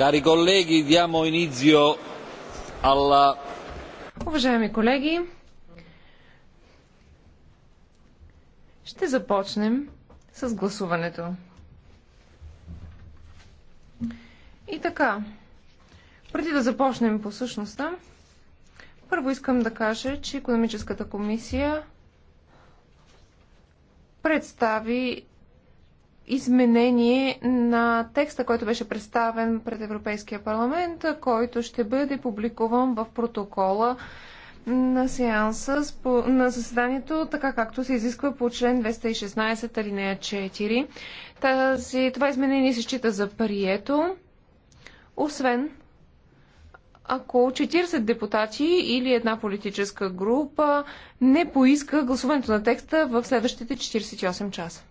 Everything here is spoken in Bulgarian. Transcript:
Cari colleghi, diamo inizio alla... Уважаеми колеги, ще започнем с гласуването. И така, преди да започнем по същността, първо искам да кажа, че економическата комисия представи изменение на текста, който беше представен пред Европейския парламент, който ще бъде публикуван в протокола на сеанса на заседанието, така както се изисква по член 216 алинея 4. Тази, това изменение се счита за прието, освен ако 40 депутати или една политическа група не поиска гласуването на текста в следващите 48 часа.